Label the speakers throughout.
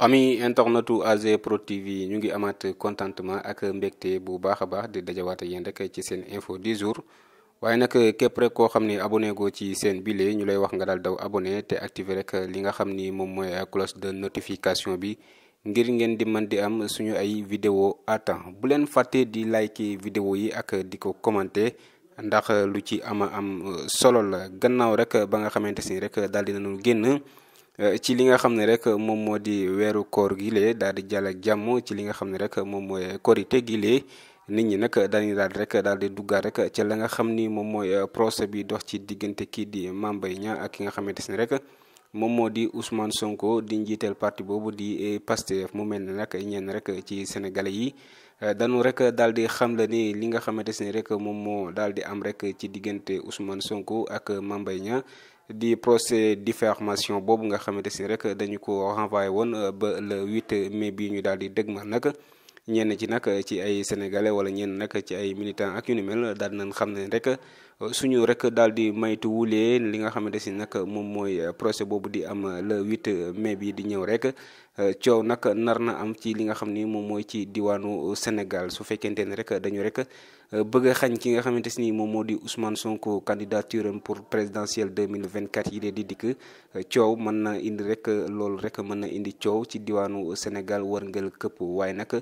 Speaker 1: ami internetu AG Pro TV ñu ngi amaat contentement ak mbégte bu baax a baax di dajawaat yéen rek ci seen info du jours waaye nag képp rek koo xam ni abonné goo ci seen bile ñu lay wax nga daal daw abonné te activé rek li nga xam ni moom mooy cloche de notification bi ngir ngeen di mën di am suñu ay video à temps bu leen fàtte di like vidéo yi ak di ko commenter ndax lu ci ama am solo la gannaaw rek ba nga xamante si rek daal dinañu génn. Euh, ci li nga xam ne rek moom moo di weeru koor gi lee daal di jàll ak jàmm ci li nga xam ne rek moom mooy korite gi nit ñi nag dañuy daal rek daal di duggaat rek ca la nga xam ni moom mooy euh, procès bi dox ci diggante kii di Mame yi ñaa ak ki nga xamante ne rek moom moo di Ousmane Sonko di njiiteel partie boobu di euh, Pastef mu mel ne nag ñenn rek ci sénégalais yi dañu rek daal di xam la ni li nga xamante ne rek moom moo daal di am rek ci diggante Ousmane Sonko ak Mame yi Niang di procès diffamation boobu nga xamante si rek dañu ko renvoyé woon euh, ba le 8 mai bii ñu daal di dégmal nag ñenn ci nag ci ay sénégalais wala ñenn nag ci ay militants ak yu ni mel daal nañ xam ne rek. suñu rek daal di maytu li nga xamante si nag moom mooy procès boobu di am le 8 mai bi di ñëw rek coow nag nar na am ci li nga xam ni moom mooy ci diwaanu Sénégal su fekkente ne rek dañu rek bëgg a xañ ki nga xamante si ni moom moo di Ousmane sonk candidature am pour présidentielle 2024 yi dee di dikk coow mën na indi rek loolu rek mën na indi coow ci diwaanu Sénégal wërngël këpp waaye nag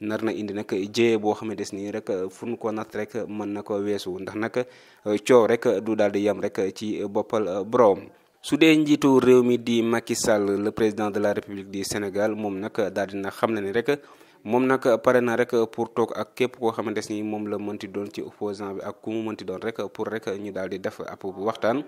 Speaker 1: nar na indi nag jéye boo xam des nii rek fu nu ko natt rek mën na ko weesu ndax nag Eh, coow rek eh, du daal di yem rek eh, ci boppal borom. su dee njiitu réew mi di Macky Sall le président de la République di Sénégal moom nag daal dina xam na ni rek moom nag pare na rek pour toog ak képp koo xamante ni moom la mënti doon ci opposant bi ak ku mu mënti doon rek pour rek ñu daal di def ab waxtaan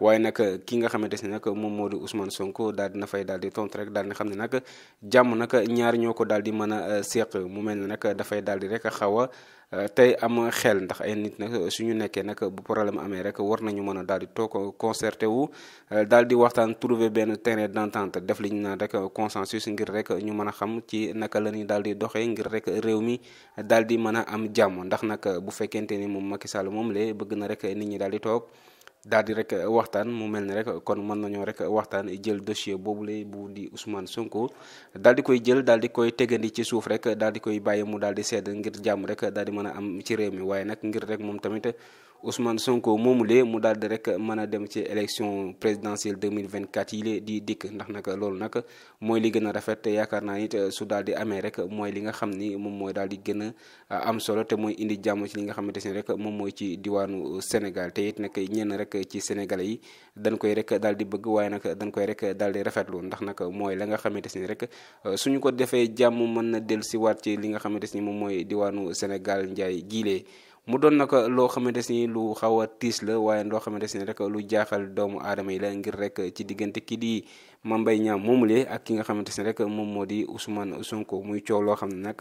Speaker 1: waaye nag ki nga xamante si nag moom moo di Ousmane Sonko daal dina fay daal di tontu rek daal di xam ne nag jàmm nag ñaar ñoo ko daal di mën a seq mu mel ne nag dafay daal di rek xaw a Euh, tey am xel ndax ay nit euh, su ñu nekkee nag bu problème amee rek war nañu mën a daal di toog euh, concerté wu daal di waxtaan trouver benn terrain d'entente def li ñu naan rek consensus ngir rek ñu mën a xam ci naka la ñuy daal di doxee ngir rek réew mi daal di mën a am jàmm ndax nag bu fekkente ni moom Macky Sall moom lee bëgg na rek nit ñi daal di toog. daal rek euh, waxtaan mu mel ni rek kon mën nañoo rek waxtaan jël dossier boobu lay bu di Ousmane Sonko daal di koy jël daal di koy tegandi ci suuf rek daal di koy bàyyi mu daal di sedd ngir jàmm rek daal di mën a am ci réew mi waaye nag ngir rek moom tamit. Ousmane Sonko moomulee mu daal di mën a dem ci élection présidentielle 2024 yi lee di dikk ndax nag loolu nag mooy li gën a rafet te yaakaar naa it su daal di amee rek mooy li nga xam ni moom mooy daal di gën a am solo te mooy indi jàmm ci li nga xamante ne rek moom mooy ci diwaanu Sénégal te it nag ñenn rek ci Sénégalais yi dañ koy rek daal di bëgg waaye nag dañ koy rek daal di rafetlu ndax nag mooy la nga xamante ni rek suñu ko defee jàmm mën na dellu siwaat ci li nga xamante ni moom mooy diwaanu Sénégal njaay giilee mu doon nag loo xamante ni lu xawa a tiis la waaye ndoo loo xamante ni rek lu jaaxal doomu aadama yi la ngir rek ci diggante kii di Mame Mbaye Niang moomulee ak ki nga xamante ni rek moom moo di Ousmane Sonko muy coow loo xam ne nag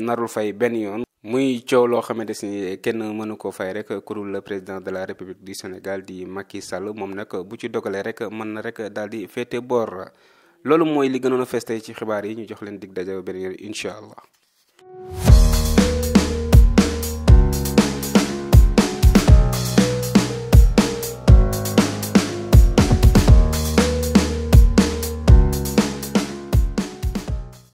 Speaker 1: narul fay benn yoon. muy coow loo xamante ni kenn mënu ko fay rek kurul le président de la république du Sénégal di Macky Sall moom nag bu ci dogalee rek mën na rek daal di féete boor loolu mooy li gënoon a feste ci xibaar yi ñu jox leen dig daje beneen yoon incha